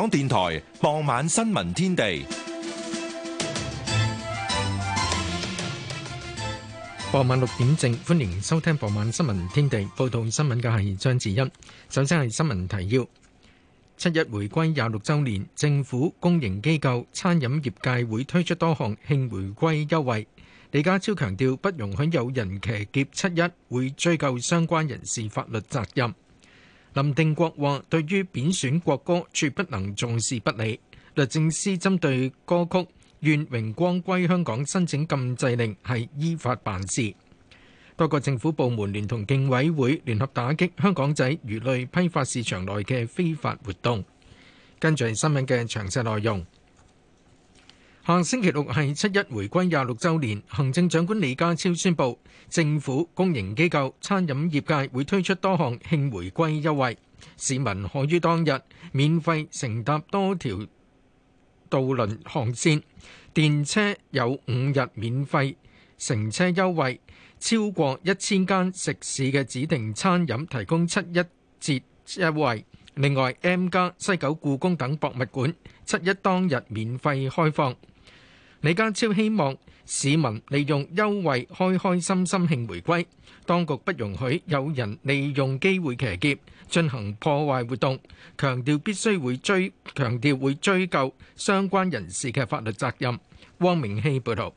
香港電台傍晚新聞天地，傍晚六點正，歡迎收聽傍晚新聞天地。報道新聞嘅係張智欣。首先係新聞提要：七一回歸廿六周年，政府、公營機構、餐飲業界會推出多項慶回歸優惠。李家超強調，不容許有人騎劫七一，會追究相關人士法律責任。林定國話，對於貶損國歌，絕不能重視不理。律政司針對歌曲《願榮光歸香港》申請禁制令，係依法辦事。多個政府部門聯同競委會聯合打擊香港仔魚類批發市場內嘅非法活動。跟住係新聞嘅詳細內容。下星期六係七一回歸廿六週年，行政長官李家超宣布，政府公營機構、餐飲業界會推出多項慶回歸優惠，市民可於當日免費乘搭多條渡輪航線，電車有五日免費乘車優惠，超過一千間食肆嘅指定餐飲提供七一折優惠。另外，M+ 西九故宮等博物館七一當日免費開放。李家超希望市民利用優惠開開心心慶回歸，當局不容許有人利用機會騎劫進行破壞活動，強調必須會追，強調會追究相關人士嘅法律責任。汪明希報道。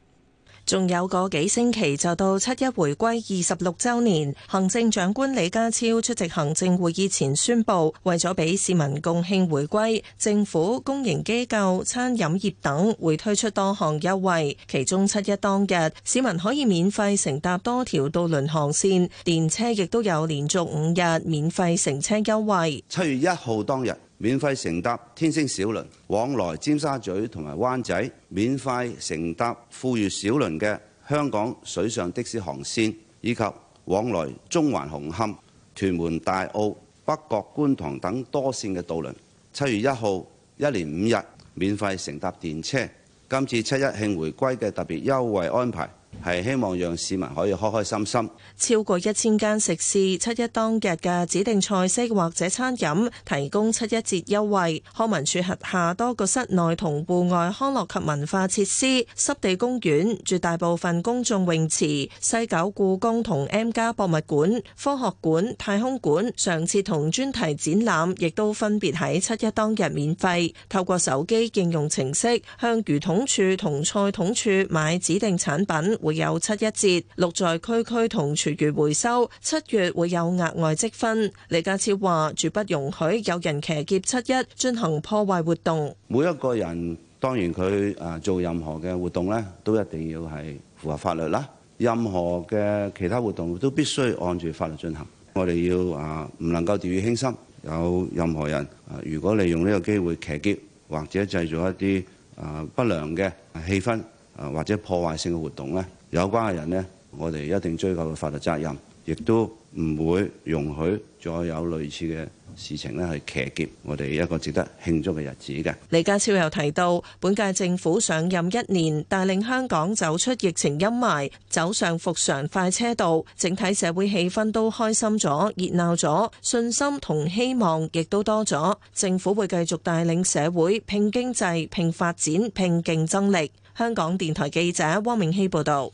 仲有個幾星期就到七一回歸二十六週年，行政長官李家超出席行政會議前宣布，為咗俾市民共慶回歸，政府、公營機構、餐飲業等會推出多項優惠。其中七一當日，市民可以免費乘搭多條渡輪航線，電車亦都有連續五日免費乘車優惠。七月一號當日，免費乘搭天星小輪往來尖沙咀同埋灣仔，免費乘搭富裕小輪嘅香港水上的士航線，以及往來中環紅磡、屯門大澳、北角觀塘等多線嘅渡輪。七月一號一連五日免費乘搭電車，今次七一慶回歸嘅特別優惠安排，係希望讓市民可以開開心心。超過一千間食肆七一當日嘅指定菜式或者餐飲，提供七一節優惠。康文署轄下多個室內同戶外康樂及文化設施、濕地公園、絕大部分公眾泳池、西九故宮同 M 家博物館、科學館、太空館、常設同專題展覽，亦都分別喺七一當日免費。透過手機應用程式向魚統處同菜統處買指定產品。會有七一節，綠在區區同廚餘回收，七月會有額外積分。李家超話：絕不容許有人騎劫七一進行破壞活動。每一個人當然佢啊做任何嘅活動咧，都一定要係符合法律啦。任何嘅其他活動都必須按住法律進行。我哋要啊唔能夠掉以輕心。有任何人啊，如果利用呢個機會騎劫或者製造一啲啊不良嘅氣氛。啊，或者破壞性嘅活動呢，有關嘅人呢，我哋一定追究法律責任，亦都唔會容許再有類似嘅事情呢，去騎劫我哋一個值得慶祝嘅日子嘅。李家超又提到，本屆政府上任一年，帶領香港走出疫情陰霾，走上復常快車道，整體社會氣氛都開心咗、熱鬧咗，信心同希望亦都多咗。政府會繼續帶領社會拼經濟、拼發展、拼競爭力。香港電台記者汪明希報道。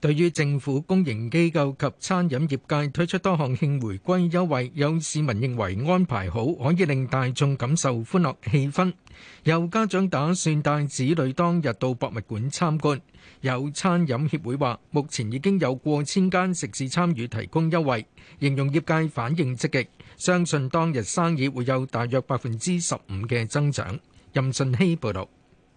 對於政府公營機構及餐飲業界推出多項慶回歸優惠，有市民認為安排好，可以令大眾感受歡樂氣氛，有家長打算帶子女當日到博物館參觀。有餐飲協會話，目前已經有過千間食肆參與提供優惠，形容業界反應積極，相信當日生意會有大約百分之十五嘅增長。任俊熙報道。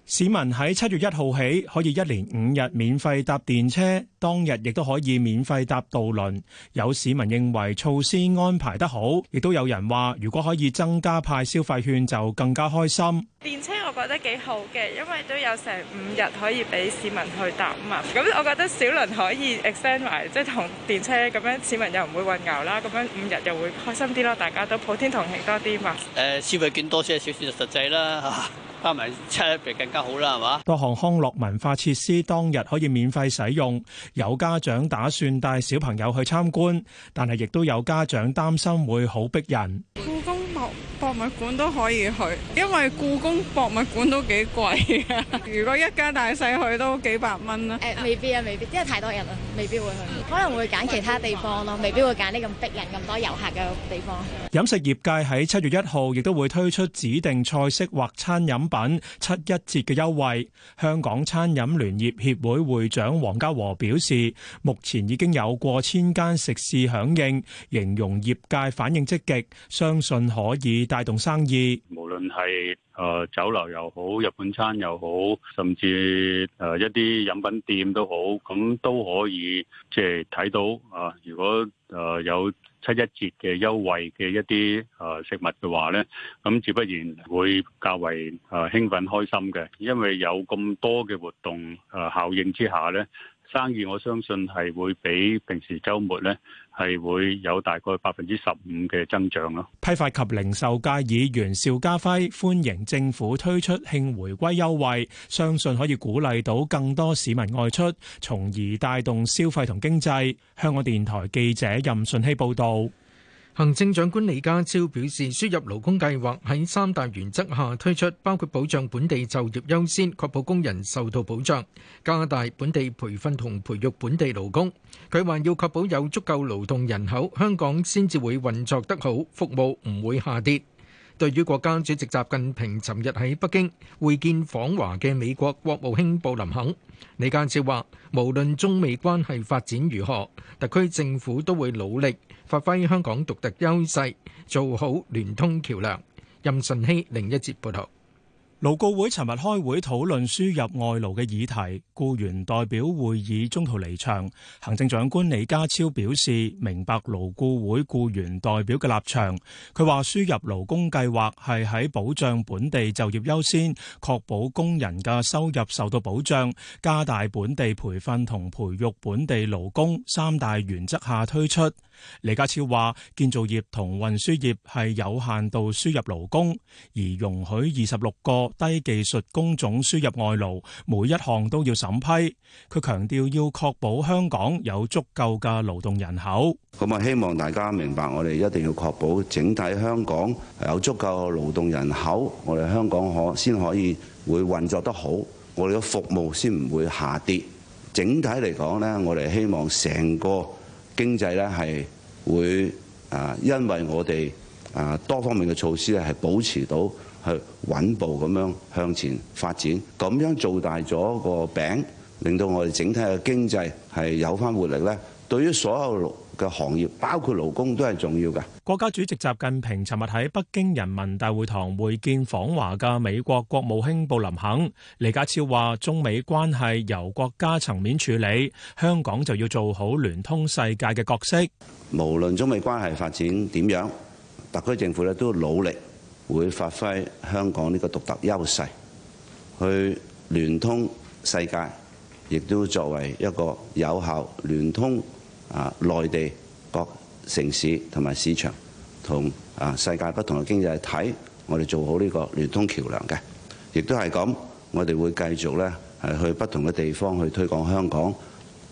市民喺七月一號起可以一連五日免費搭電車，當日亦都可以免費搭渡輪。有市民認為措施安排得好，亦都有人話如果可以增加派消費券就更加開心。電車我覺得幾好嘅，因為都有成五日可以俾市民去搭啊嘛。咁我覺得小輪可以 extend 埋，即係同電車咁樣，市民又唔會混淆啦。咁樣五日又會開心啲咯，大家都普天同慶多啲嘛。誒、呃，消費券多些少少就實際啦，啊加埋七一就更加好啦，係嘛？多項康樂文化設施當日可以免費使用，有家長打算帶小朋友去參觀，但係亦都有家長擔心會好逼人。 博物館都可以去，因為故宮博物館都幾貴。如果一家大細去都幾百蚊啦。誒，未必啊，未必，因為太多人啦，未必會去，可能會揀其他地方咯，未必會揀啲咁逼人、咁多遊客嘅地方。飲食業界喺七月一號亦都會推出指定菜式或餐飲品七一折嘅優惠。香港餐飲聯業協會會長黃家和表示，目前已經有過千間食肆響應，形容業界反應積極，相信可以帶做生意，無論係誒酒樓又好，日本餐又好，甚至誒一啲飲品店都好，咁都可以即係睇到啊！如果誒有七一節嘅優惠嘅一啲誒食物嘅話，呢咁自不然會較為誒興奮開心嘅，因為有咁多嘅活動誒效應之下，呢生意我相信係會比平時周末呢。係會有大概百分之十五嘅增長咯。批發及零售界議員邵家輝歡迎政府推出慶回歸優惠，相信可以鼓勵到更多市民外出，從而帶動消費同經濟。香港電台記者任順希報導。行政長官李家超表示，輸入勞工計劃喺三大原則下推出，包括保障本地就業優先，確保工人受到保障，加大本地培訓同培育本地勞工。佢話要確保有足夠勞動人口，香港先至會運作得好，服務唔會下跌。對於國家主席習近平尋日喺北京會見訪華嘅美國國務卿布林肯，李家超話，無論中美關係發展如何，特區政府都會努力。發揮香港獨特優勢，做好聯通橋梁。任順熙，另一節報道，勞顧會尋日開會討論輸入外勞嘅議題，僱員代表會議中途離場。行政長官李家超表示，明白勞顧會僱員代表嘅立場，佢話輸入勞工計劃係喺保障本地就業優先，確保工人嘅收入受到保障，加大本地培訓同培育本地勞工三大原則下推出。李家超話，建造業同運輸業係有限度輸入勞工，而容許二十六個低技術工種輸入外勞，每一項都要審批。佢強調要確保香港有足夠嘅勞動人口。咁啊，希望大家明白，我哋一定要確保整體香港有足夠嘅勞動人口，我哋香港可先可以會運作得好，我哋嘅服務先唔會下跌。整體嚟講呢，我哋希望成個。經濟咧係會啊，因為我哋啊多方面嘅措施咧係保持到去穩步咁樣向前發展，咁樣做大咗個餅，令到我哋整體嘅經濟係有返活力咧。對於所有。嘅行業包括勞工都係重要嘅。國家主席習近平尋日喺北京人民大會堂會見訪華嘅美國國務卿布林肯。李家超話：中美關係由國家層面處理，香港就要做好聯通世界嘅角色。無論中美關係發展點樣，特區政府咧都努力會發揮香港呢個獨特優勢，去聯通世界，亦都作為一個有效聯通。啊！內地各城市同埋市場同啊世界不同嘅經濟體，我哋做好呢個聯通橋梁嘅，亦都係咁，我哋會繼續咧係去不同嘅地方去推廣香港。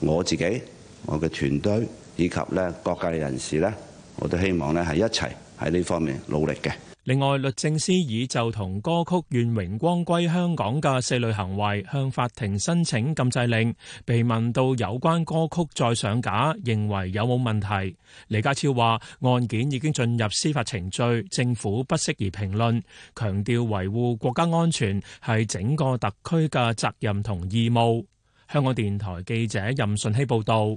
我自己、我嘅團隊以及咧各界人士咧，我都希望咧係一齊喺呢方面努力嘅。另外，律政司已就同歌曲《願榮光歸香港》嘅四類行為向法庭申請禁制令。被問到有關歌曲再上架，認為有冇問題，李家超話案件已經進入司法程序，政府不適宜評論，強調維護國家安全係整個特區嘅責任同義務，香港電台記者任順希報道。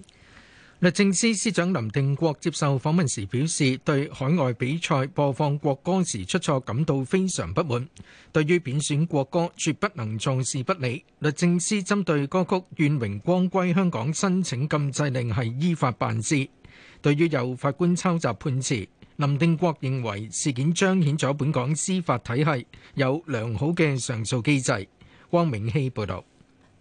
律政司司長林定國接受訪問時表示，對海外比賽播放國歌時出錯感到非常不滿。對於貶損國歌，絕不能坐視不理。律政司針對歌曲《願榮光歸香港》申請禁制令係依法辦事。對於有法官抄襲判詞，林定國認為事件彰顯咗本港司法體系有良好嘅上訴機制。汪永熙報道。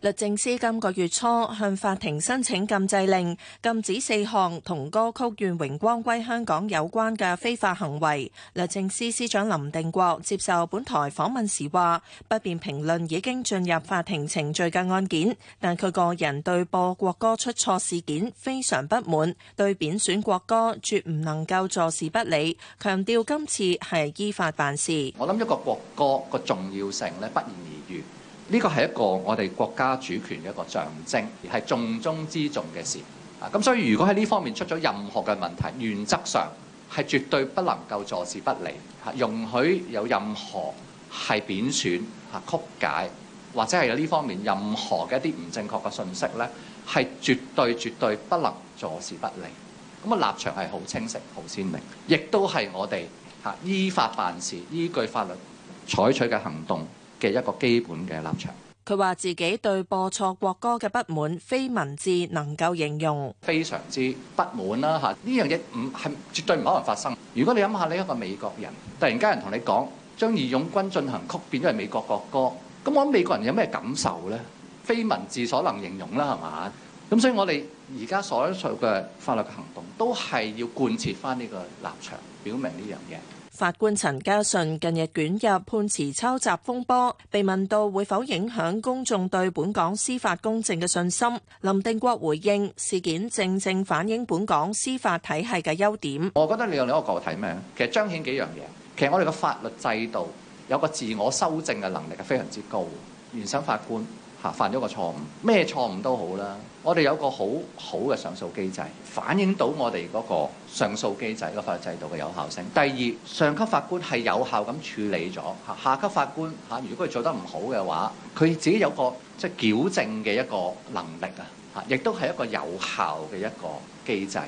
律政司今個月初向法庭申請禁制令，禁止四項同歌曲《願榮光歸香港》有關嘅非法行為。律政司司長林定國接受本台訪問時話，不便評論已經進入法庭程序嘅案件，但佢個人對播國歌出錯事件非常不滿，對貶損國歌絕唔能夠坐視不理，強調今次係依法辦事。我諗一個國歌個重要性呢，不言而喻。呢個係一個我哋國家主權嘅一個象徵，而係重中之重嘅事。咁、啊、所以如果喺呢方面出咗任何嘅問題，原則上係絕對不能夠坐視不理，啊、容許有任何係貶損、啊、曲解或者係有呢方面任何嘅一啲唔正確嘅信息咧，係絕對絕對不能坐視不理。咁啊，立場係好清晰、好鮮明，亦都係我哋嚇、啊、依法辦事、依據法律採取嘅行動。嘅一個基本嘅立場，佢話自己對播錯國歌嘅不滿，非文字能夠形容，非常之不滿啦嚇！呢樣嘢唔係絕對唔可能發生。如果你諗下你一個美國人，突然間人同你講將義勇軍進行曲變咗係美國國歌，咁我諗美國人有咩感受咧？非文字所能形容啦，係嘛？咁所以我哋而家所做嘅法律嘅行動，都係要貫徹翻呢個立場，表明呢樣嘢。法官陳家順近日捲入判詞抄襲風波，被問到會否影響公眾對本港司法公正嘅信心，林定國回應事件正正反映本港司法體系嘅優點。我覺得你有另一個角度睇咩？其實彰顯幾樣嘢。其實我哋嘅法律制度有個自我修正嘅能力係非常之高。原審法官吓犯咗個錯誤，咩錯誤都好啦。我哋有個好好嘅上訴機制，反映到我哋嗰個上訴機制、個法律制度嘅有效性。第二，上級法官係有效咁處理咗，下級法官嚇，如果佢做得唔好嘅話，佢自己有個即係矯正嘅一個能力啊，嚇，亦都係一個有效嘅一個機制。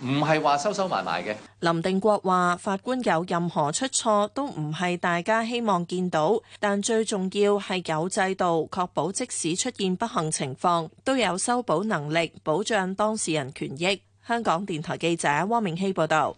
唔係話收收埋埋嘅。林定國話：法官有任何出錯都唔係大家希望見到，但最重要係有制度確保，即使出現不幸情況，都有修補能力，保障當事人權益。香港電台記者汪明希報導。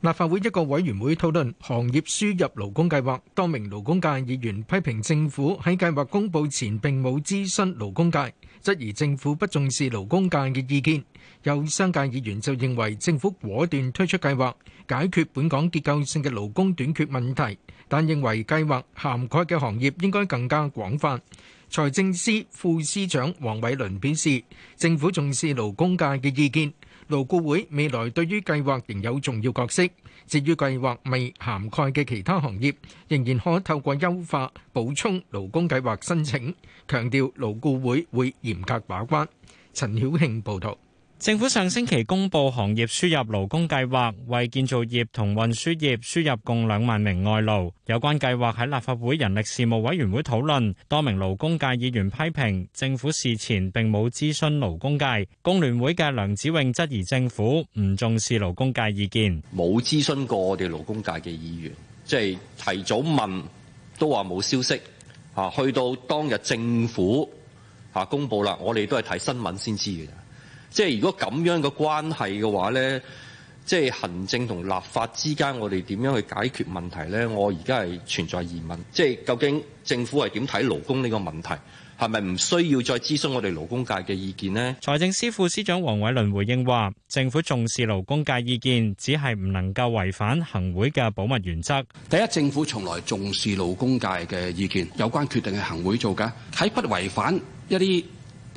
立法會一個委員會討論行業輸入勞工計劃，多名勞工界議員批評政府喺計劃公布前並冇諮詢勞工界，質疑政府不重視勞工界嘅意見。有商界議員就認為政府果斷推出計劃，解決本港結構性嘅勞工短缺問題，但認為計劃涵蓋嘅行業應該更加廣泛。財政司副司長黃偉倫表示，政府重視勞工界嘅意見，勞顧會未來對於計劃仍有重要角色。至於計劃未涵蓋嘅其他行業，仍然可透過優化補充勞工計劃申請，強調勞顧會會嚴格把關。陳曉慶報道。政府上星期公布行業輸入勞工計劃，為建造業同運輸業輸入共兩萬名外勞。有關計劃喺立法會人力事務委員會討論，多名勞工界議員批評政府事前並冇諮詢勞工界。工聯會嘅梁子穎質疑政府唔重視勞工界意見，冇諮詢過我哋勞工界嘅議員，即係提早問都話冇消息啊。去到當日政府啊公布啦，我哋都係睇新聞先知嘅。即係如果咁樣嘅關係嘅話呢，即係行政同立法之間，我哋點樣去解決問題呢？我而家係存在疑問，即係究竟政府係點睇勞工呢個問題，係咪唔需要再諮詢我哋勞工界嘅意見呢？財政司副司長黃偉綸回應話，政府重視勞工界意見，只係唔能夠違反行會嘅保密原則。第一，政府從來重視勞工界嘅意見，有關決定係行會做㗎，係不違反一啲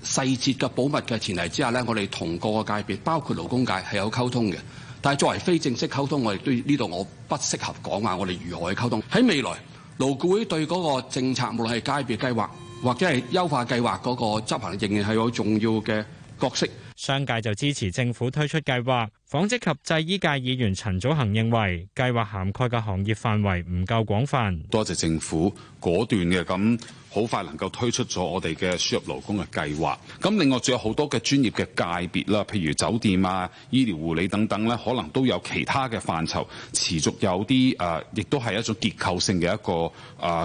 細節嘅保密嘅前提之下呢，我哋同各個界別，包括勞工界，係有溝通嘅。但係作為非正式溝通，我哋對呢度我不適合講話我哋如何去溝通。喺未來，勞工會對嗰個政策，無論係界別計劃或者係優化計劃嗰個執行，仍然係好重要嘅角色。商界就支持政府推出計劃。紡織及製衣界議員陳祖恒認為，計劃涵蓋嘅行業範圍唔夠廣泛。多謝政府果斷嘅咁。好快能夠推出咗我哋嘅輸入勞工嘅計劃，咁另外仲有好多嘅專業嘅界別啦，譬如酒店啊、醫療護理等等咧，可能都有其他嘅範疇持續有啲誒亦都係一種結構性嘅一個誒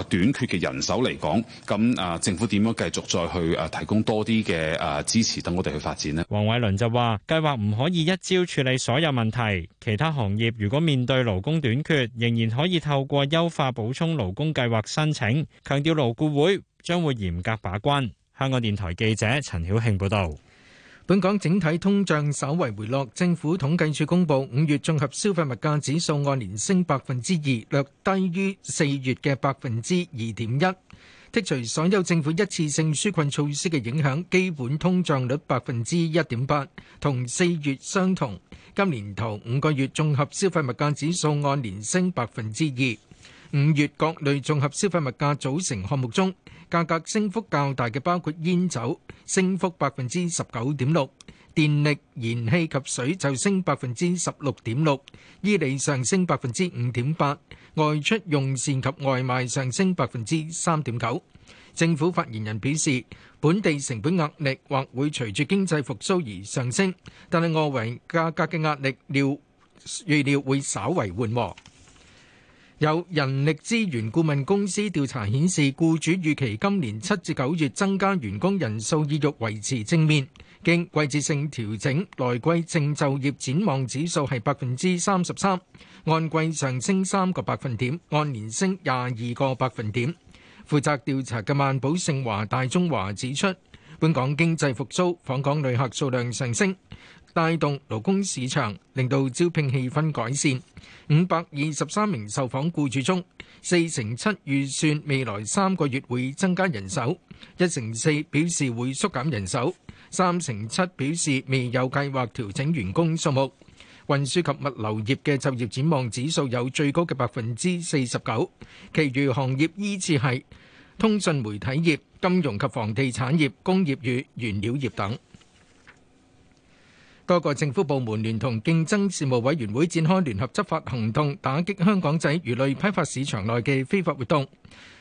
短缺嘅人手嚟講，咁啊，政府點樣繼續再去誒提供多啲嘅誒支持，等我哋去發展咧？黃偉倫就話，計劃唔可以一朝處理所有問題，其他行業如果面對勞工短缺，仍然可以透過優化補充勞工計劃申請，強調勞顧會。將會嚴格把關。香港電台記者陳曉慶報道。本港整體通脹稍為回落。政府統計處公布五月綜合消費物價指數按年升百分之二，略低於四月嘅百分之二點一。剔除所有政府一次性紓困措施嘅影響，基本通脹率百分之一點八，同四月相同。今年頭五個月綜合消費物價指數按年升百分之二。五月各類綜合消費物價組成項目中，價格升幅較大嘅包括煙酒升幅百分之十九點六，電力、燃氣及水就升百分之十六點六，衣履上升百分之五點八，外出用膳及外賣上升百分之三點九。政府發言人表示，本地成本壓力或會隨住經濟復甦而上升，但係外圍價格嘅壓力料預料會稍為緩和。有人力資源顧問公司調查顯示，僱主預期今年七至九月增加員工人數意欲維持正面。經季節性調整，來季淨就業展望指數係百分之三十三，按季上升三個百分點，按年升廿二個百分點。負責調查嘅萬寶盛華大中華指出，本港經濟復甦，訪港旅客數量上升。帶動勞工市場，令到招聘氣氛改善。五百二十三名受訪僱主中，四成七預算未來三個月會增加人手，一成四表示會縮減人手，三成七表示未有計劃調整員工數目。運輸及物流業嘅就業展望指數有最高嘅百分之四十九，其餘行業依次係通訊媒體業、金融及房地產業、工業與原料業等。多個政府部門聯同競爭事務委員會展開聯合執法行動，打擊香港仔魚類批發市場內嘅非法活動。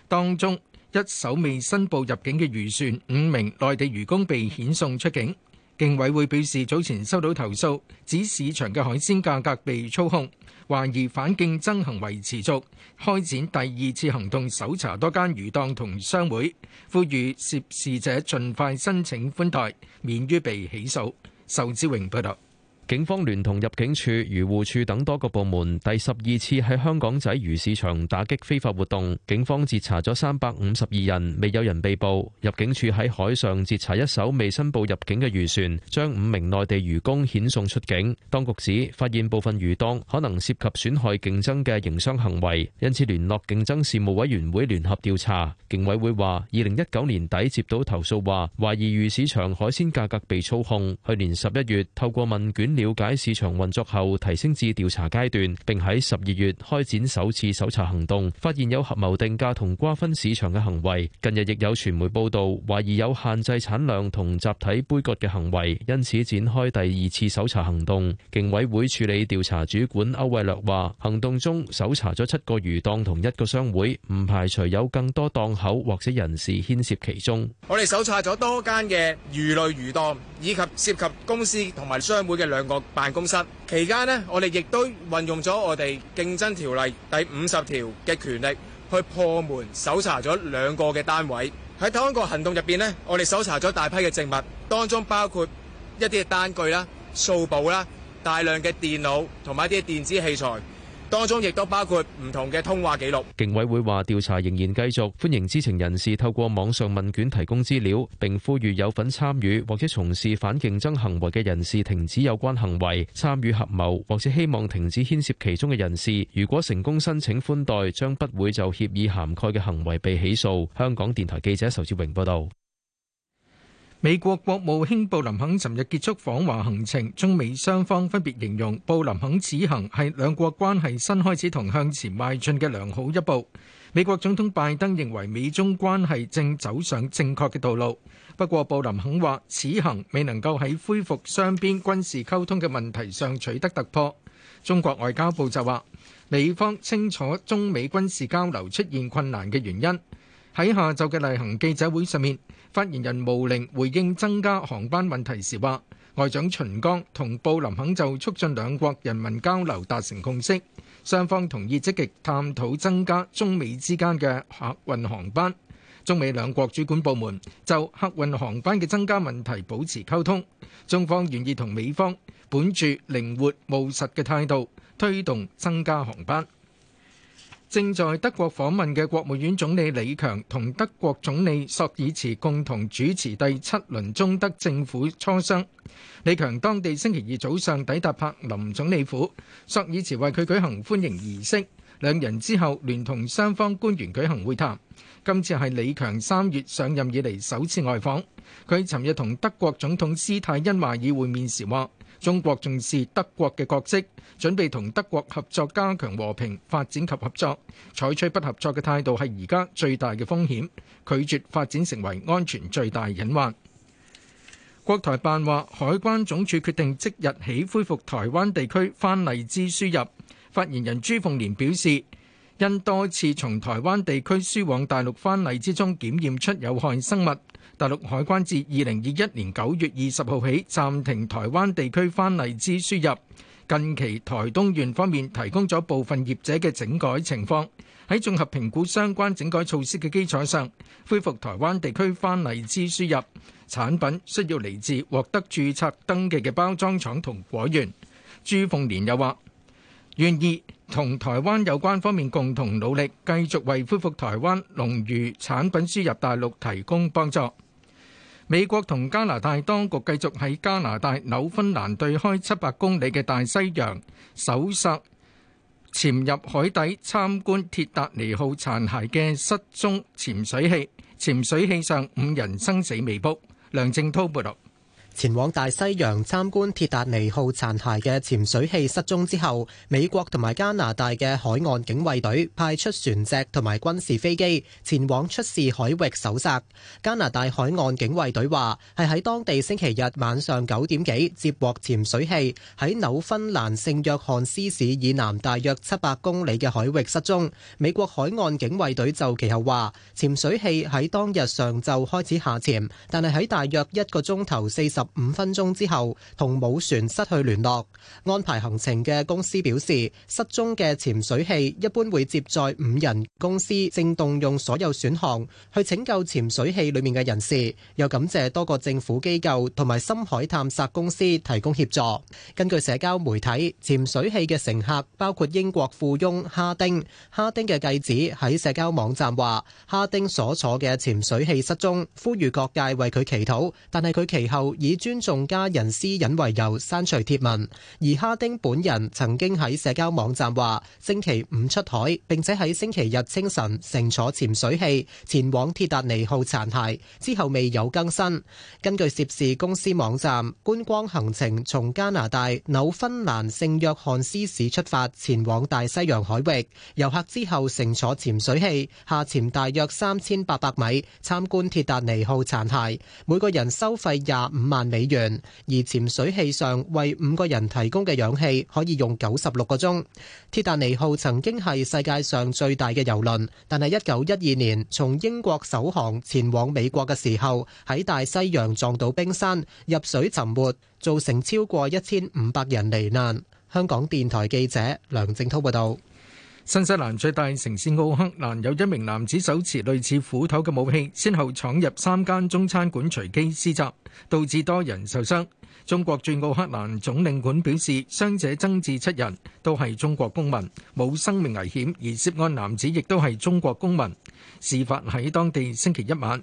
當中，一艘未申報入境嘅漁船，五名內地漁工被遣送出境。競委會表示，早前收到投訴，指市場嘅海鮮價格被操控，懷疑反競爭行為持續，開展第二次行動，搜查多間魚檔同商會，呼籲涉事者盡快申請寬待，免於被起訴。仇志榮報道。警方聯同入境處、漁護處等多個部門，第十二次喺香港仔漁市場打擊非法活動。警方截查咗三百五十二人，未有人被捕。入境處喺海上截查一艘未申報入境嘅漁船，將五名內地漁工遣送出境。當局指發現部分漁檔可能涉及損害競爭嘅營商行為，因此聯絡競爭事務委員會聯合調查。競委會話：二零一九年底接到投訴，話懷疑漁市場海鮮價格被操控。去年十一月，透過問卷，了解市場運作後，提升至調查階段，並喺十二月開展首次搜查行動，發現有合謀定價同瓜分市場嘅行為。近日亦有傳媒報道，懷疑有限制產量同集體杯葛嘅行為，因此展開第二次搜查行動。競委會處理調查主管歐惠略話，行動中搜查咗七個魚檔同一個商會，唔排除有更多檔口或者人士牽涉其中。我哋搜查咗多間嘅魚類魚檔，以及涉及公司同埋商會嘅兩個辦公室期間呢，我哋亦都運用咗我哋競爭條例第五十條嘅權力，去破門搜查咗兩個嘅單位。喺偷香個行動入邊呢，我哋搜查咗大批嘅證物，當中包括一啲嘅單據啦、數簿啦、大量嘅電腦同埋一啲電子器材。當中亦都包括唔同嘅通話記錄。競委會話調查仍然繼續，歡迎知情人士透過網上問卷提供資料，並呼籲有份參與或者從事反競爭行為嘅人士停止有關行為，參與合謀或者希望停止牽涉其中嘅人士，如果成功申請寬待，將不會就協議涵蓋嘅行為被起訴。香港電台記者仇志榮報道。美國國務卿布林肯尋日結束訪華行程，中美雙方分別形容布林肯此行係兩國關係新開始同向前邁進嘅良好一步。美國總統拜登認為美中關係正走上正確嘅道路，不過布林肯話此行未能夠喺恢復雙邊軍事溝通嘅問題上取得突破。中國外交部就話美方清楚中美軍事交流出現困難嘅原因。喺下晝嘅例行記者會上面，發言人毛寧回應增加航班問題時話，外長秦剛同布林肯就促進兩國人民交流達成共識，雙方同意積極探討增加中美之間嘅客運航班。中美兩國主管部門就客運航班嘅增加問題保持溝通，中方願意同美方本住靈活務實嘅態度推動增加航班。正在德國訪問嘅國務院總理李強同德國總理朔爾茨共同主持第七輪中德政府磋商。李強當地星期二早上抵達柏林總理府，朔爾茨為佢舉行歡迎儀式，兩人之後聯同雙方官員舉行會談。今次係李強三月上任以嚟首次外訪，佢尋日同德國總統施泰因邁爾會面時話。中國重視德國嘅角色，準備同德國合作加強和平發展及合作。採取不合作嘅態度係而家最大嘅風險，拒絕發展成為安全最大隱患。國台辦話，海關總署決定即日起恢復台灣地區番荔枝輸入。發言人朱鳳蓮表示，因多次從台灣地區輸往大陸番荔枝中檢驗出有害生物。大陸海關自二零二一年九月二十號起暫停台灣地區番荔枝輸入。近期，台東縣方面提供咗部分業者嘅整改情況，喺綜合評估相關整改措施嘅基礎上，恢復台灣地區番荔枝輸入。產品需要嚟自獲得註冊登記嘅包裝廠同果園。朱鳳蓮又話：願意同台灣有關方面共同努力，繼續為恢復台灣農漁產品輸入大陸提供幫助。美國同加拿大當局繼續喺加拿大紐芬蘭對開七百公里嘅大西洋搜索潛入海底參觀鐵達尼號殘骸嘅失蹤潛水器，潛水器上五人生死未卜。梁正滔報道。前往大西洋參觀鐵達尼號殘骸嘅潛水器失蹤之後，美國同埋加拿大嘅海岸警衛隊派出船隻同埋軍事飛機前往出事海域搜索。加拿大海岸警衛隊話係喺當地星期日晚上九點幾接獲潛水器喺紐芬蘭聖約翰斯市以南大約七百公里嘅海域失蹤。美國海岸警衛隊就其後話潛水器喺當日上晝開始下潛，但係喺大約一個鐘頭四十五分鐘之後同母船失去聯絡，安排行程嘅公司表示，失蹤嘅潛水器一般會接載五人，公司正動用所有選項去拯救潛水器裏面嘅人士，又感謝多個政府機構同埋深海探索公司提供協助。根據社交媒體，潛水器嘅乘客包括英國富翁哈丁，哈丁嘅繼子喺社交網站話，哈丁所坐嘅潛水器失蹤，呼籲各界為佢祈禱，但係佢其後已，尊重家人私隱為由刪除貼文，而哈丁本人曾經喺社交網站話星期五出海，並且喺星期日清晨乘坐潛水器前往鐵達尼號殘骸，之後未有更新。根據涉事公司網站，觀光行程從加拿大紐芬蘭聖約翰斯市出發，前往大西洋海域，遊客之後乘坐潛水器下潛大約三千八百米，參觀鐵達尼號殘骸，每個人收費廿五萬美元，而潛水器上為五個人提供嘅氧氣可以用九十六個鐘。鐵達尼號曾經係世界上最大嘅郵輪，但係一九一二年從英國首航前往美國嘅時候，喺大西洋撞到冰山，入水沉沒，造成超過一千五百人罹難。香港電台記者梁正濤報道。新西蘭最大城市奧克蘭有一名男子手持類似斧頭嘅武器，先後闖入三間中餐館隨機施襲，導致多人受傷。中國駐奧克蘭總領館表示，傷者增至七人，都係中國公民，冇生命危險。而涉案男子亦都係中國公民。事發喺當地星期一晚。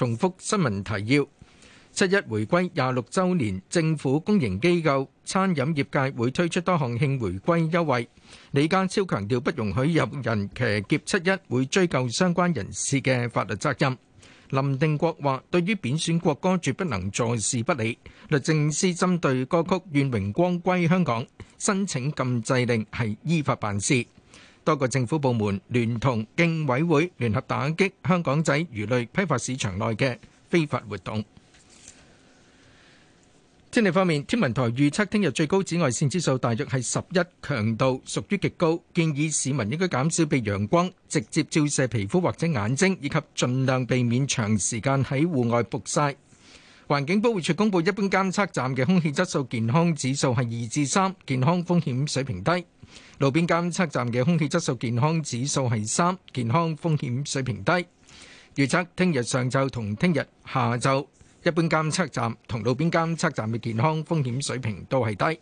重複新聞提要，七一回歸廿六週年，政府公營機構、餐飲業界會推出多項慶回歸優惠。李家超強調不容許有人騎劫七一，會追究相關人士嘅法律責任。林定國話：對於貶選國歌，絕不能坐視不理。律政司針對歌曲《願榮光歸香港》申請禁制令，係依法辦事。多個政府部門聯同競委會聯合打擊香港仔魚類批發市場內嘅非法活動。天氣方面，天文台預測聽日最高紫外線指數大約係十一，強度屬於極高，建議市民應該減少被陽光直接照射皮膚或者眼睛，以及盡量避免長時間喺戶外曝曬。環境保護署公布，一般監測站嘅空氣質素健康指數係二至三，健康風險水平低；路邊監測站嘅空氣質素健康指數係三，健康風險水平低。預測聽日上晝同聽日下晝，一般監測站同路邊監測站嘅健康風險水平都係低。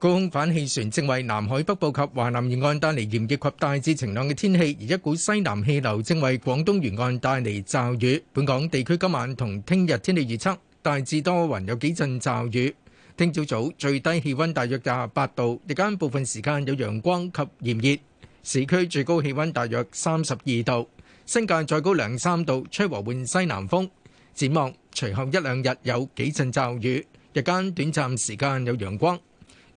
高空反氣旋正為南海北部及華南沿岸帶嚟炎熱及大致晴朗嘅天氣，而一股西南氣流正為廣東沿岸帶嚟驟雨。本港地區今晚同聽日天氣預測大致多雲，有幾陣驟雨。聽朝早，早最低氣温大約廿八度，日間部分時間有陽光及炎熱。市區最高氣温大約三十二度，新界再高兩三度，吹和緩西南風。展望隨後一兩日有幾陣驟雨，日間短暫時間有陽光。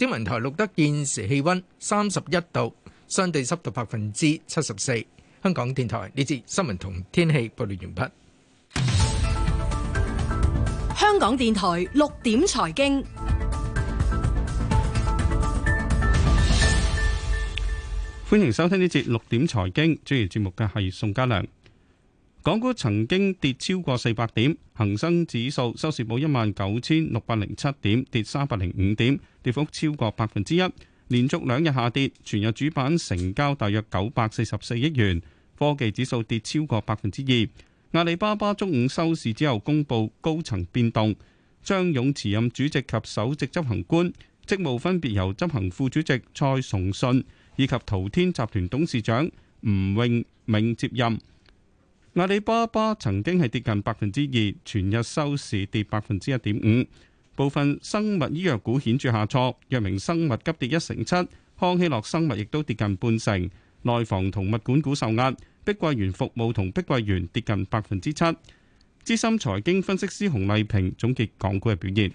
天文台錄得現時氣溫三十一度，相對濕度百分之七十四。香港電台呢節新聞同天氣報道完畢。香港電台六點財經，歡迎收聽呢節六點財經，主持節目嘅係宋家良。港股曾經跌超過四百點，恒生指數收市報一萬九千六百零七點，跌三百零五點，跌幅超過百分之一，連續兩日下跌。全日主板成交大約九百四十四億元，科技指數跌超過百分之二。阿里巴巴中午收市之後公佈高層變動，張勇辭任主席及首席執行官職務，分別由執行副主席蔡崇信以及淘天集團董事長吳泳銘接任。阿里巴巴曾經係跌近百分之二，全日收市跌百分之一點五。部分生物醫藥股顯著下挫，藥明生物急跌一成七，康希諾生物亦都跌近半成。內房同物管股受壓，碧桂園服務同碧桂園跌近百分之七。資深財經分析師洪麗萍總結港股嘅表現。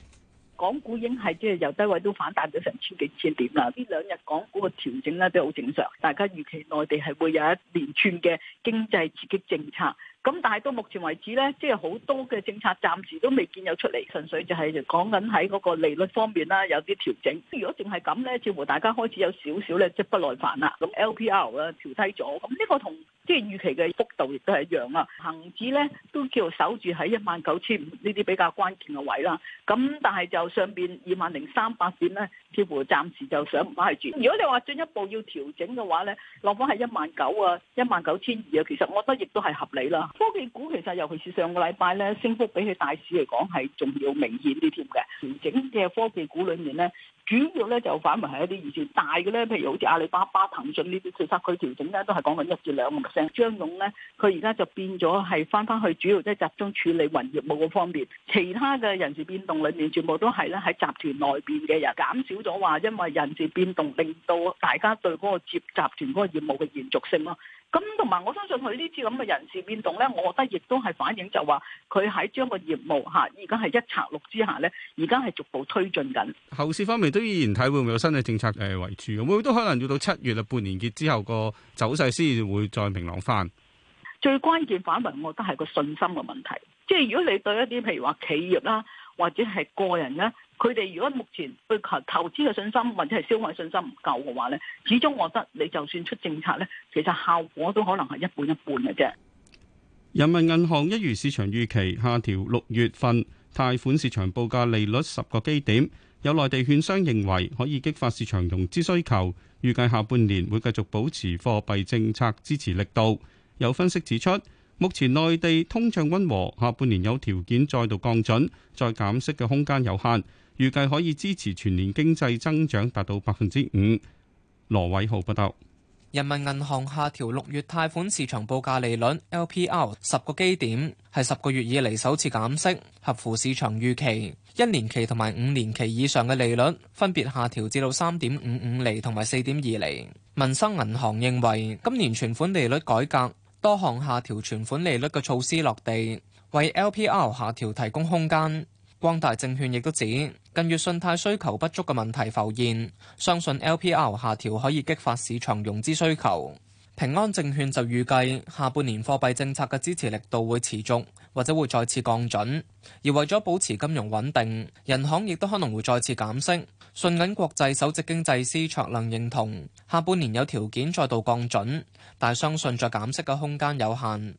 港股已經係即係由低位都反彈咗成千幾千點啦，呢兩日港股嘅調整咧都好正常，大家預期內地係會有一連串嘅經濟刺激政策，咁但係到目前為止咧，即係好多嘅政策暫時都未見有出嚟，純粹就係講緊喺嗰個利率方面啦有啲調整，如果淨係咁咧，似乎大家開始有少少咧即係不耐煩啦，咁 LPR 啊調低咗，咁呢個同。即係預期嘅幅度亦都係一樣啊，恒指咧都叫守住喺一萬九千五呢啲比較關鍵嘅位啦。咁但係就上邊二萬零三百點咧，似乎暫時就上唔翻去住。如果你話進一步要調整嘅話咧，落翻係一萬九啊，一萬九千二啊，其實我覺得亦都係合理啦。科技股其實尤其是上個禮拜咧，升幅比起大市嚟講係仲要明顯啲添嘅。調整嘅科技股裏面咧，主要咧就反為係一啲預算大嘅咧，譬如好似阿里巴巴、騰訊呢啲，佢收嗰啲調整咧都係講緊一至兩。張勇呢，佢而家就變咗係翻翻去，主要即係集中處理雲業務嗰方面，其他嘅人事變動裏面，全部都係咧喺集團內邊嘅人，減少咗話因為人事變動令到大家對嗰個接集團嗰個業務嘅延續性咯。咁同埋，我相信佢呢次咁嘅人事變動呢，我覺得亦都係反映就話，佢喺將個業務吓而家係一拆六之下呢，而家係逐步推進緊，後市方面都依然睇會唔會有新嘅政策誒，圍住，會唔會都可能要到七月啊半年結之後個走勢先至會再明朗翻。最關鍵反而，我覺得係個信心嘅問題，即係如果你對一啲譬如話企業啦、啊，或者係個人呢、啊。佢哋如果目前對投資嘅信心或者係消費信心唔夠嘅話，咧，始終我覺得你就算出政策咧，其實效果都可能係一半一半嘅啫。人民銀行一如市場預期，下調六月份貸款市場報價利率十個基點，有內地券商認為可以激發市場融資需求，預計下半年會繼續保持貨幣政策支持力度。有分析指出，目前內地通脹温和，下半年有條件再度降準再減息嘅空間有限。預計可以支持全年經濟增長達到百分之五。羅偉浩報道，人民銀行下調六月貸款市場報價利率 LPR 十個基點，係十個月以嚟首次減息，合乎市場預期。一年期同埋五年期以上嘅利率分別下調至到三點五五厘同埋四點二厘。民生銀行認為今年存款利率改革，多項下調存款利率嘅措施落地，為 LPR 下調提供空間。光大證券亦都指，近月信貸需求不足嘅問題浮現，相信 LPR 下調可以激發市場融資需求。平安證券就預計下半年貨幣政策嘅支持力度會持續，或者會再次降準。而為咗保持金融穩定，銀行亦都可能會再次減息。信銀國際首席經濟師卓亮認同，下半年有條件再度降準，但相信再減息嘅空間有限。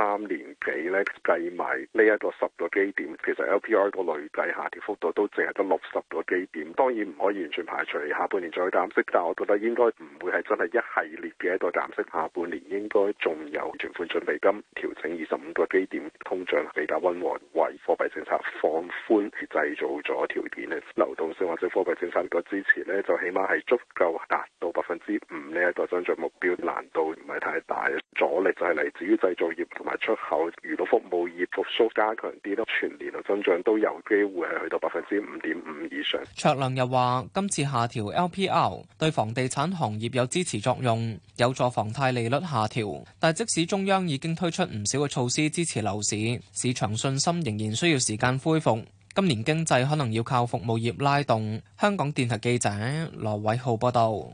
三年幾咧計埋呢一個十個基點，其實 LPR 個累計下跌幅度都淨係得六十個基點。當然唔可以完全排除下半年再減息，但係我覺得應該唔會係真係一系列嘅一個減息。下半年應該仲有存款準備金調整二十五個基點，通脹比較溫和，為貨幣政策放寬製造咗條件咧。流動性或者貨幣政策嘅支持咧，就起碼係足夠達到百分之五呢一個增長目標，難度唔係太大。阻力就係嚟自於製造業同埋。出口娛樂服務業復甦加強啲咯，全年嘅增長都有機會去到百分之五點五以上。卓亮又話今次下調 LPR 對房地產行業有支持作用，有助房貸利率下調，但即使中央已經推出唔少嘅措施支持樓市，市場信心仍然需要時間恢復。今年經濟可能要靠服務業拉動，香港電台記者羅偉浩報道。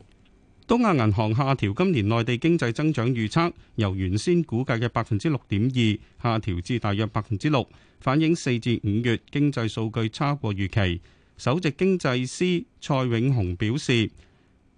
東亞銀行下調今年內地經濟增長預測，由原先估計嘅百分之六點二下調至大約百分之六，反映四至五月經濟數據差過預期。首席經濟師蔡永雄表示，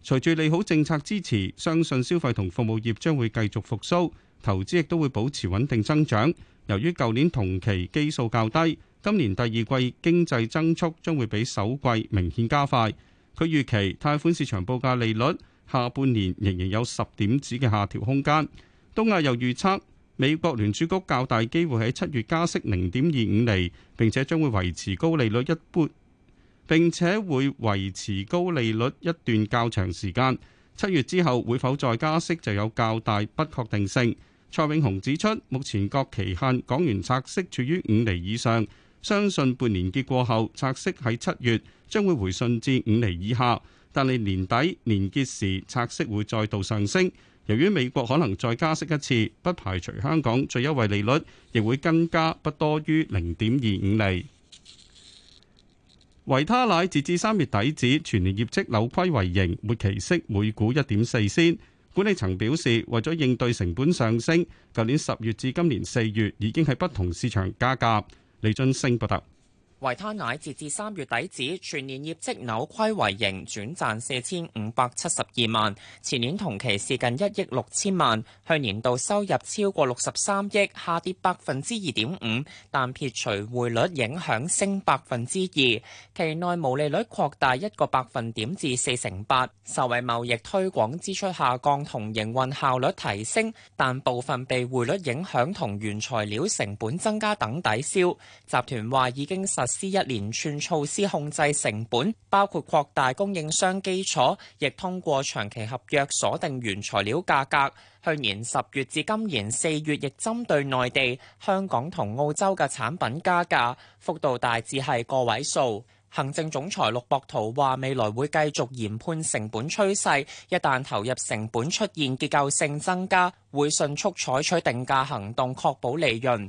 隨住利好政策支持，相信消費同服務業將會繼續復甦，投資亦都會保持穩定增長。由於舊年同期基數較低，今年第二季經濟增速將會比首季明顯加快。佢預期貸款市場報價利率，下半年仍然有十點子嘅下調空間，東亞又預測美國聯儲局較大機會喺七月加息零點二五厘，並且將會維持高利率一般，並且會維持高利率一段較長時間，七月之後會否再加息就有較大不確定性。蔡永雄指出，目前各期限港元拆息處於五厘以上，相信半年結過後拆息喺七月將會回順至五厘以下。但係年底年結時拆息會再度上升，由於美國可能再加息一次，不排除香港最優惠利率亦會更加不多於零點二五釐。維他奶截至三月底止全年業績扭虧為盈，末期息每股一點四仙。管理層表示，為咗應對成本上升，舊年十月至今年四月已經喺不同市場加價。李俊升報道。維他奶截至三月底止，全年業績扭虧為盈，轉賺四千五百七十二萬，前年同期是近一億六千萬，去年度收入超過六十三億，下跌百分之二點五。但撇除匯率影響升百分之二，期內毛利率擴大一個百分點至四成八。受惠貿易推廣支出下降同營運效率提升，但部分被匯率影響同原材料成本增加等抵消。集團話已經實。施一連串措施控制成本，包括擴大供應商基礎，亦通過長期合約鎖定原材料價格。去年十月至今年四月，亦針對內地、香港同澳洲嘅產品加價，幅度大致係個位數。行政總裁陸博圖話：未來會繼續研判成本趨勢，一旦投入成本出現結構性增加，會迅速採取定價行動，確保利潤。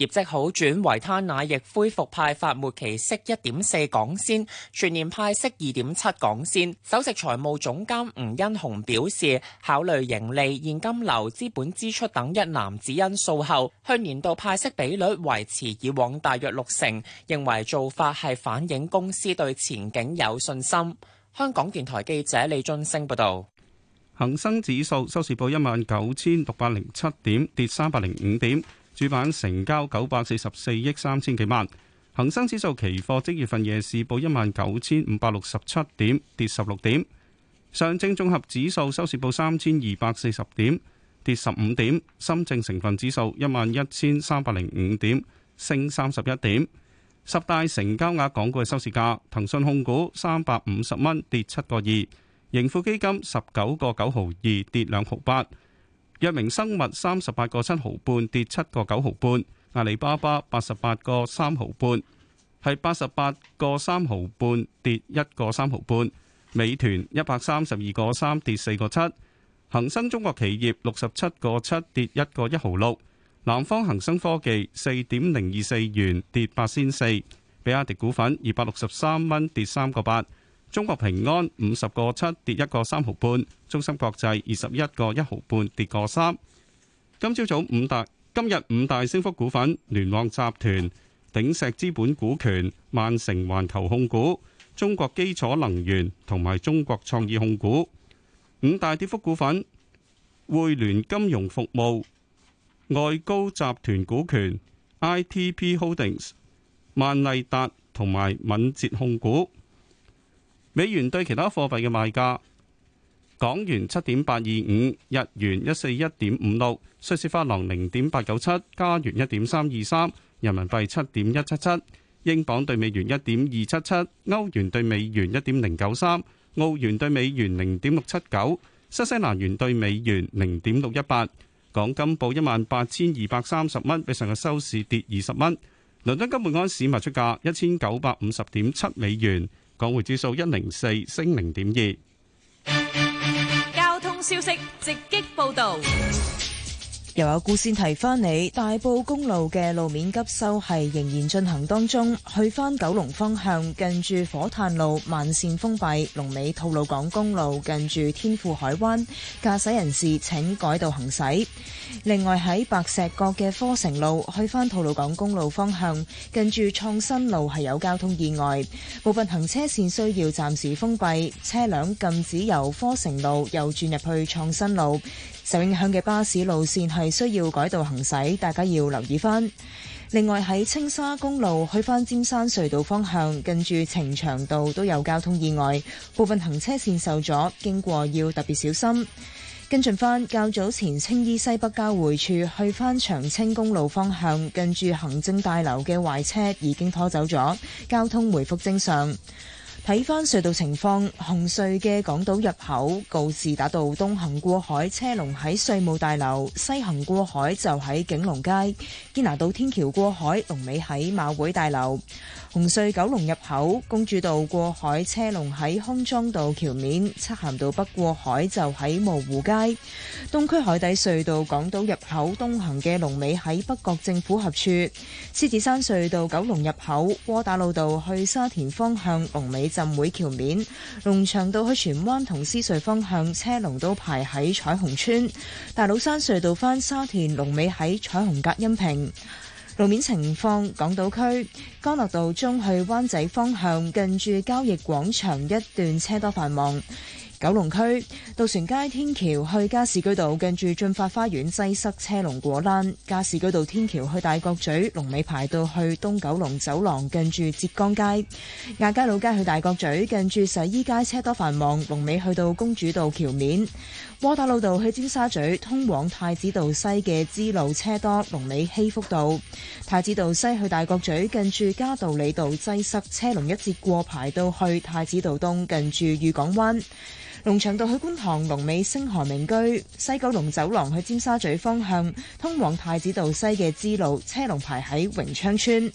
業績好轉，維他奶亦恢復派發末期息一點四港仙，全年派息二點七港仙。首席財務總監吳欣雄表示，考慮盈利、現金流、資本支出等一籃子因素後，去年度派息比率維持以往大約六成，認為做法係反映公司對前景有信心。香港電台記者李津升報導。恆生指數收市報一萬九千六百零七點，跌三百零五點。主板成交九百四十四億三千幾萬，恆生指數期貨即月份夜市報一萬九千五百六十七點，跌十六點。上證綜合指數收市報三千二百四十點，跌十五點。深證成分指數一萬一千三百零五點，升三十一點。十大成交額港股嘅收市價，騰訊控股三百五十蚊，跌七個二；盈富基金十九個九毫二，跌兩毫八。藥明生物三十八個七毫半，跌七個九毫半，阿里巴巴八十八個三毫半，係八十八個三毫半跌一個三毫半，美團一百三十二個三跌四個七，恒生中國企業六十七個七跌一個一毫六，南方恒生科技四點零二四元跌八仙四，比亞迪股份二百六十三蚊跌三個八。中國平安五十個七跌一個三毫半，中芯國際二十一個一毫半跌個三。今朝早五大今日五大升幅股份：聯旺集團、鼎石資本股權、萬城環球控股、中國基礎能源同埋中國創意控股。五大跌幅股份：匯聯金融服務、外高集團股權、ITP Holdings、萬麗達同埋敏捷控股。美元對其他貨幣嘅賣價：港元七點八二五，日元一四一點五六，瑞士法郎零點八九七，加元一點三二三，人民幣七點一七七，英鎊對美元一點二七七，歐元對美元一點零九三，澳元對美元零點六七九，新西蘭元對美元零點六一八。港金報一萬八千二百三十蚊，比上日收市跌二十蚊。倫敦金本港市賣出價一千九百五十點七美元。港匯指數一零四升零點二。交通消息直擊報道。又有故事提返你，大埔公路嘅路面急修係仍然進行當中,去返九龍方向，近住火炭路，慢線封閉，龍尾吐露港公路，近住天富海灣，駕駛人士請改道行駛。另外，在白石角的科城路，去返吐露港公路方向，近住創新路係有交通意外，部分行車線需要暫時封閉，車輛禁止由科城路又轉入去創新路。受影響嘅巴士路線係需要改道行駛，大家要留意返。另外喺青沙公路去返尖山隧道方向，近住程長道都有交通意外，部分行車線受阻，經過要特別小心。跟進返較早前青衣西北交匯處去返長青公路方向，近住行政大樓嘅壞車已經拖走咗，交通回復正常。睇返隧道情況，紅隧嘅港島入口告士打道東行過海，車龍喺稅務大樓；西行過海就喺景隆街。堅拿道天橋過海，龍尾喺馬會大樓。紅隧九龍入口，公主道過海車龍喺康莊道橋面，漆咸道北過海就喺蕪湖街，東區海底隧道港島入口東行嘅龍尾喺北角政府合處，獅子山隧道九龍入口窩打老道去沙田方向龍尾浸會橋面，龍翔道去荃灣同獅隧方向車龍都排喺彩虹村，大老山隧道翻沙田龍尾喺彩虹隔音屏。路面情況，港島區干諾道中去灣仔方向近住交易廣場一段車多繁忙。九龍區渡船街天橋去加士居道，近住駿發花園擠塞車龍果欄；加士居道天橋去大角咀，龍尾排到去東九龍走廊，近住浙江街；亞皆老街去大角咀，近住洗衣街車多繁忙，龍尾去到公主道橋面；窩打老道去尖沙咀，通往太子道西嘅支路車多，龍尾禧福道；太子道西去大角咀，近住嘉道理道擠塞車龍一截過排到去太子道東，近住御港灣。龍翔道去觀塘龍尾，星河名居，西九龍走廊去尖沙咀方向，通往太子道西嘅支路車龍排喺榮昌村。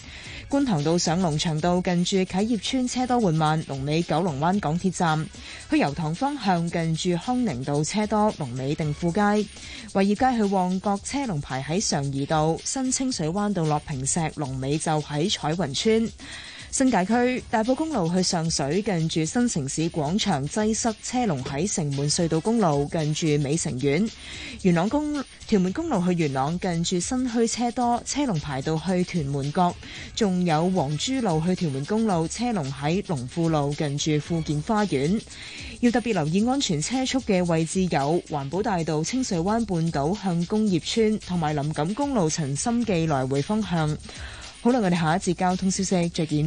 觀塘道上龍翔道，近住啟業村車多緩慢，龍尾九龍灣港鐵站。去油塘方向，近住康寧道車多，龍尾定富街。偉業街去旺角車龍排喺常怡道，新清水灣道落坪石龍尾就喺彩雲村。新界區大埔公路去上水，近住新城市廣場擠塞，車龍喺城門隧道公路近住美城苑，元朗公屯門公路去元朗，近住新墟車多，車龍排到去屯門角，仲有黃珠路去屯門公路，車龍喺龍富路近住富健花園，要特別留意安全車速嘅位置有環保大道清水灣半島向工業村，同埋林錦公路陳心記來回方向。好啦，我哋下一次交通消息再見。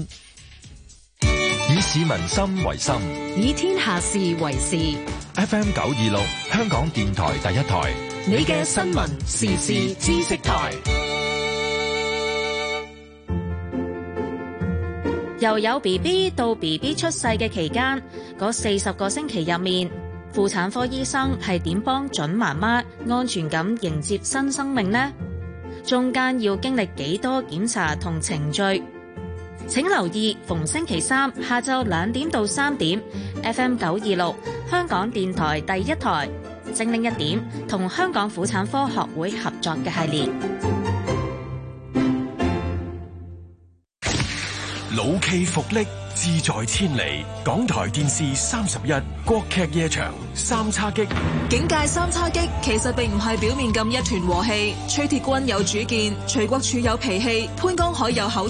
以市民心為心，以天下事為事。F M 九二六，香港電台第一台。你嘅新聞時事知識台。由有 B B 到 B B 出世嘅期間，嗰四十個星期入面，婦產科醫生係點幫準媽媽安全咁迎接新生命呢？中間要經歷幾多檢查同程序？請留意逢星期三下晝兩點到三點，FM 九二六香港電台第一台精靈一點，同香港婦產科學會合作嘅系列。老驥伏櫪，志在千里。港台電視三十一，國劇夜場三叉戟。警界三叉戟，其實並唔係表面咁一團和氣。崔鐵軍有主見，徐國柱有脾氣，潘江海有口。